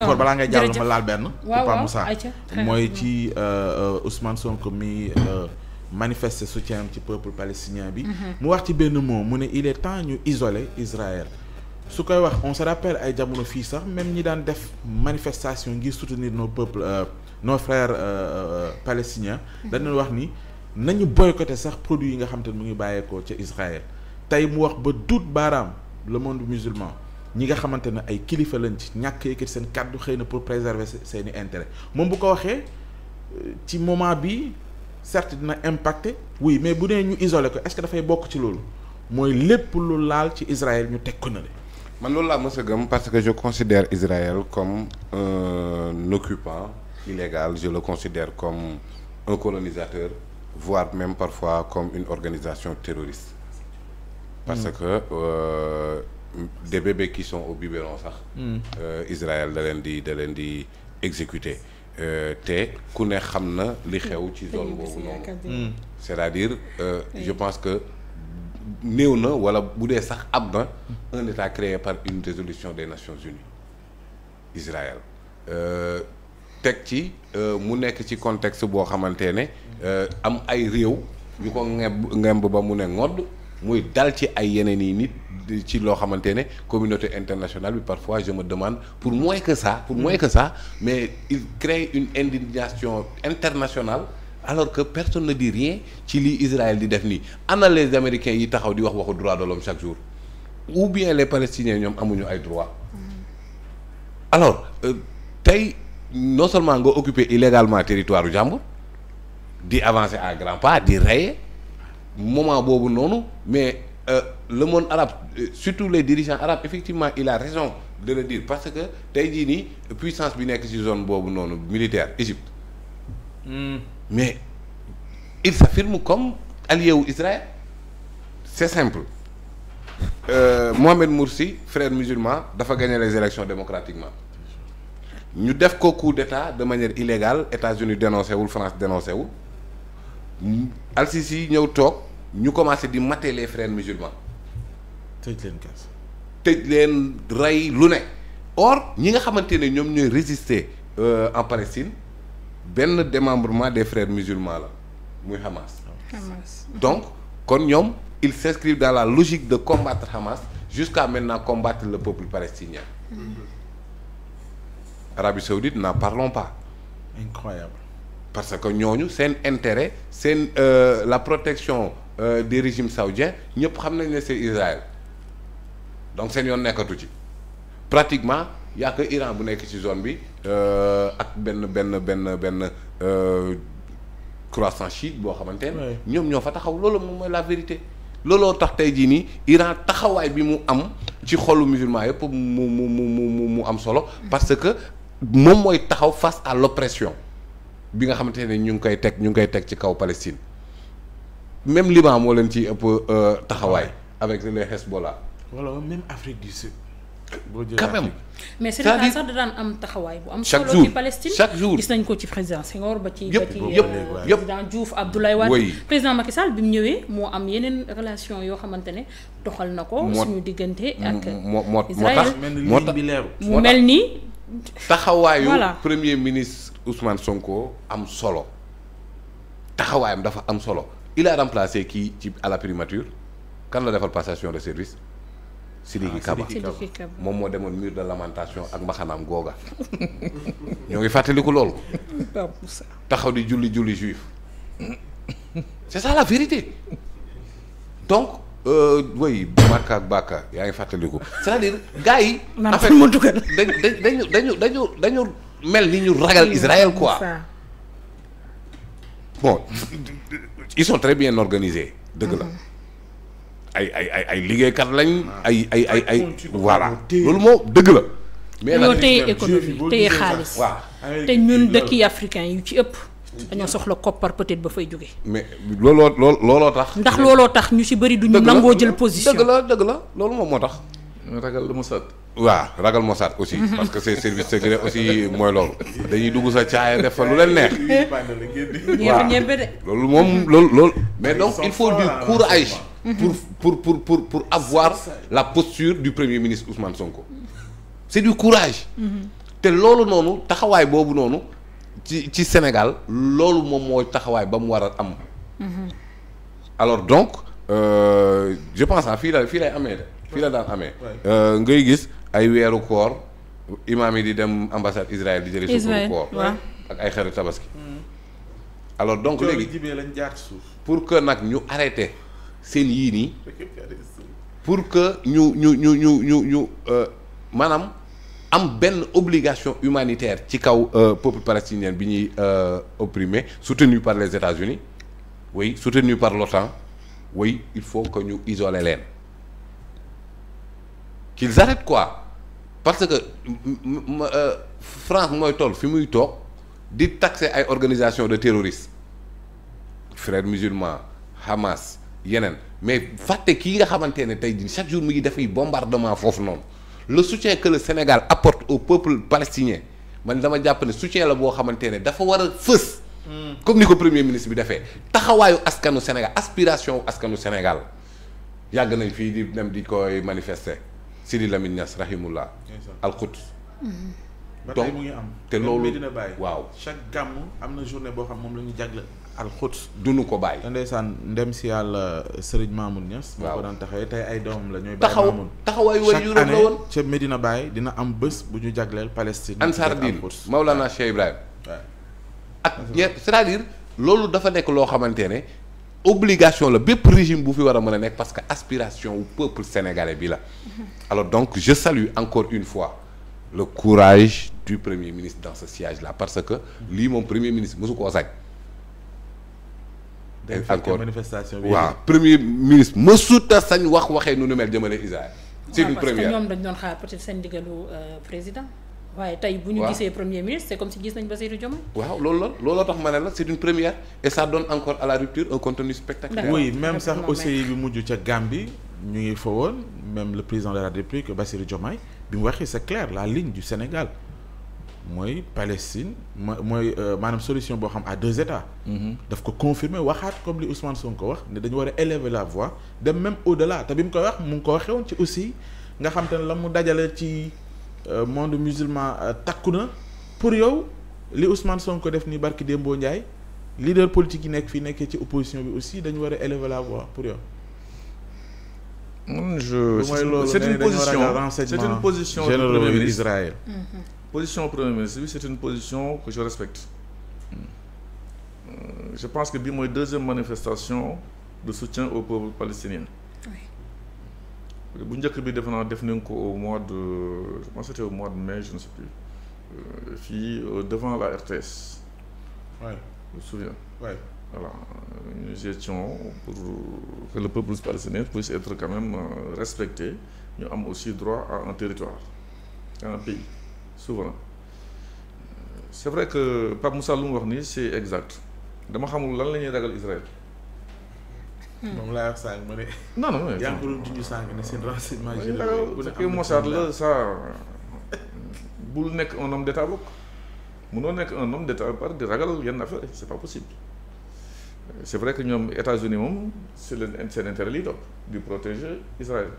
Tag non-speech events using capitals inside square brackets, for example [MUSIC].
d'accord balaa ngay jàll ma laal benn Papa Moussa mooy [LAUGHS] ci euh, euh, Ousmane Sonko mi euh, manifeste soutien ci peuple palestinien bi mhm. mu wax ci benn mot mu ne il temps ñu isole Israël su koy wax on se rappelle ay jamono fii sax même ñi daan def manifestation ngir soutenir nos peuples nos frères palestiniens mhm. dañ leen wax ni nañu boycotter sax produit yi nga xam ne mu ngi bàyyeekoo ca Israël tey mu wax ba duut baaraam le monde musulman ñi nga xamante ne ay kilifa lañ ci ñàkk yëkkati seen kàddu xëy na pour préserver seeni intérêt moom bu ko waxee ci moment bi certes dina impacte oui mais bu nee ñu isolé ko est-ce dafay bokk ci loolu mooy lépp lu laal ci Israël ñu teg ko na le man loolu laa mës a gëm parce que je considère Israël comme euh, un occupant illégal je le considère comme un colonisateur voire même parfois comme une organisation terroriste parce mm. que euh, des bébés qui sont au biberon sax. Hmm. Euh, Israël da leen di da leen di exécuter euh, te ku ne xam na li xew ci hmm. zone boobu noonu. Hmm. c'est-à-dire euh, je pense que néew na wala bu dee sax ab na un état par une résolution des Nations Unies Israël. Euh, teg ci mu nekk ci contexte boo xamante ne am ay réew yu ko ngemb ngemb ba mu ne ngodd muy dal ci ay yeneen yi nit ci loo xamante ne communauté internationale bi parfois je me demande pour mooy que ça pour mooy mm-hmm. que ça mais il crée une indignation internationale alors que personne ne dit rien ci li Israël di def nii ana les yi taxaw di wax waxu droit de l'homme chaque jour ou bien les palestiniens ñoom amuñu ay droit mm-hmm. alors euh, tey non seulement nga occuper illégalement territoire u di avancer à grands pas di rey moment boobu noonu mais euh, le monde arabe surtout les dirigeants arabes effectivement il a raison de le dire parce que tey jii nii puissance bi nekk ci zone boobu noonu militaire Égypte hmm. mais il s'affirme comme allié wu Israël c'est simple euh, Mohamed Morsi frère musulman dafa gagné les élections démocratiquement ñu def ko coup d'état de manière illégale États-Unis dénoncé wul France dénoncé wul Al-Sisi ñëw toog ñu commencé di mater les frères musulmans. tëj leen kaas. leen rey lu ne. or ñi nga xamante ne ñoom ñooy résister euh, en Palestine benn démembrement des frères musulmans la muy Hamas. donc kon ñoom ils s'inscrivent dans la logique de combattre Hamas jusqu'à maintenant combattre le peuple palestinien. Arabie Saoudite n'en parlons pas. incroyable. parce que ñooñu seen intéret seen euh, la protection. euh, des régimes saoudiens ñëpp xam nañ ne c'est Israël donc seen yoon nekkatu ci pratiquement y a Iran bu nekk ci zone bi euh, ak benn benn benn benn euh, croissant chiite boo xamante ne ñoom ñoo fa taxaw loolu moom mooy la vérité looloo tax tey jii nii Iran taxawaay bi mu am ci xolu musulman yëpp mu mu mu mu mu am solo parce que moom mooy taxaw face à l'oppression bi nga xamante ne ñu ngi koy teg ñu ngi koy teg ci kaw Palestine même Liban moo leen ciy ëpp euh, taxawaay avec les Hezbollah. wala voilà, même Afrique du Sud. boo jëlee quand même. mais Sénégal sax da daan am taxawaay bu am. chaque jour ci Palestine chaque jour gis ko ci président Senghor ba ci. yëpp euh, yëpp président Diouf Abdoulaye Wade. président Macky Sall bi mu ñëwee moo am yeneen relation yoo xamante ne doxal na ko. suñu diggante ak. moo moo tax moo tax mu mel ni. taxawaayu premier ministre Ousmane Sonko am solo taxawaayam dafa am solo. il a remplacé kii ci à la primature kan la defal passation de service Sidiki ah, Kaba moom moo demoon mur de lamentation ak mbaxanaam googa [LAUGHS] ñoo ngi fàttaliku loolu taxaw di julli julli juif c'est ça la vérité donc woy euh, Marka ak Bakka yaa ngi fàttaliku c'est-à-dire gars yi [LAUGHS] en fait dañu dañu dañu dañu mel ni ñu ragal Israël quoi bon ils sont très bien organisés dëgg la ay ay ay ay liggéeykat lañ ay ay ay ay voilà loolu moo dëgg la mais ñoo téye économie téye xaalis waaw te ñun dëkk yi africain yi ci ëpp dañoo soxla koppar peut ba fay jóge mais looloo lool looloo tax ndax looloo tax ñu ci bëri duñu nangoo jël position dëgg la dëgg la loolu moom moo tax ragal lu mu sat waaw ragal Mossad aussi mhm. parce que c'est service secret aussi mooy loolu dañuy dugg sa caaya def fa lu leen neex [LAUGHS] waaw loolu moom loolu loolu mais donc il faut du courage pour pour pour pour pour avoir la posture du premier ministre Ousmane Sonko c'est du courage mhm. te loolu noonu taxawaay boobu noonu ci ci Sénégal loolu moom moo taxawaay ba mu war a am mhm. alors donc euh, je pense fii la fii lay amee de fii la daan amee euh, ngay gis ay weeru koor imaam yi di dem ambassade Israël di jëli suukaru koor ak ay xaru tabaski hmm. alors donc léegi lañ jaar suuf pour que nag ñu arrêté seen yii nii pour que ñu ñu ñu ñu ñu ñu euh, maanaam am benn obligation humanitaire ci kaw euh, peuple palestinien bi ñuy euh, opprimé soutenu par les États-Unis oui soutenu par l'OTAN oui il faut que ñu isole leen qu'ils arrêtent quoi parce que euh, France mooy toll fi muy toog di taxer ay organisation de terroristes frères musulmans Hamas yeneen mais fàtte kii nga xamante ne tey jii chaque jour mu ngi def dafay bombardement foofu noonu le soutien que le Sénégal apporte au peuple palestinien man dama jàpp ne soutien la boo xamante ne dafa war a fës. Hmm. comme ni ko premier ministre bi defee taxawaayu askanu Sénégal aspiration askanu Sénégal yàgg nañ fii di dem di koy manifester. Sidi Lamine Niass rahimullah alxut mm-hmm. donc mu ngi am te loolu dina bàyyi waaw chaque gàmm am na journée boo xam moom la ñu jagle alxut duñu ko bàyyi te ndeysaan ndem si yàlla euh, Serigne Mamoun Niass boo ko daan taxawee tey ay doomam la ñooy bàyyi Mamoun taxawaay war yu rek la woon ca Medina bàyyi dina am bés bu ñu jagleel Palestine Ansar Din Maulana Cheikh Ibrahim ak c'est-à-dire loolu dafa nekk loo xamante ne obligation la bépp régime bu fi war a mën a nekk parce que aspiration wu peuple sénégalais bi la mhm. alors donc je salue encore une fois le courage du premier ministre dans ce siège là parce que lii moom premier ministre mosu koo sañ encore manifestation bi waaw premier ministre mësut a sañ wax waxee nu nu mel jëmale Israël c'est une première ñoom dañ doon xaar peut-être seen ndigalu euh, président waaye tey bu ñu gisee premier ministre c'est comme si gis nañ Bassirou Diomaye waaw loolu la looloo tax ma ne la c'est une première et ça donne encore à la rupture un contenu spectaculaire bi mujj ca Gambie ñu ngi fa woon même le président de la République Bassirou Diomaye bi mu waxee sa clair la ligne du Sénégal mooy Palestine mooy euh, maanaam solution boo xam à deux états. Mm-hmm. daf ko confirmer waxaat comme li Ousmane Sonko ko wax ne dañu war a élever la voix dem même au delà te bi mu koy wax mu ngi ko waxee woon ci aussi nga xam te ne la mu dajale ci. Euh, monde musulman euh, takku na pour yow li Ousmane Sonko def ni barki Dembo Ndiaye leader politique yi nekk fii nekkee ci opposition bi aussi dañu war a la voix pour yow. mun je c'est une position c'est une position du mm-hmm. je respecte. Mm. Euh, je pense que bi mooy deuxième manifestation de soutien au peuple palestinien. bu njëkk bi defe naa def nañ ko au mois de je pense au mois de mai je ne sais plus euh, fii euh, devant la RTS. oui je me souviens. oui voilà une gestion pour que le peuple palestinien puisse être quand même euh, respecté ñu am aussi droit à un territoire à un pays souverain c'est vrai que par Moussa lu mu wax ni c'est exact dama xamul lan la ñuy ragal Israël. Hmm. moom laa wax sànq ma ne. non non yaa ngi ko doon junj sànq ne seen renseignement. jërëjëf Mossad la ça bul nekk un homme d'état bokk munoo nekk un homme d'état par di ragal yenn affaire c'est pas possible c'est vrai que ñoom États-Unis moom c'est leen seen intérêt liy topp di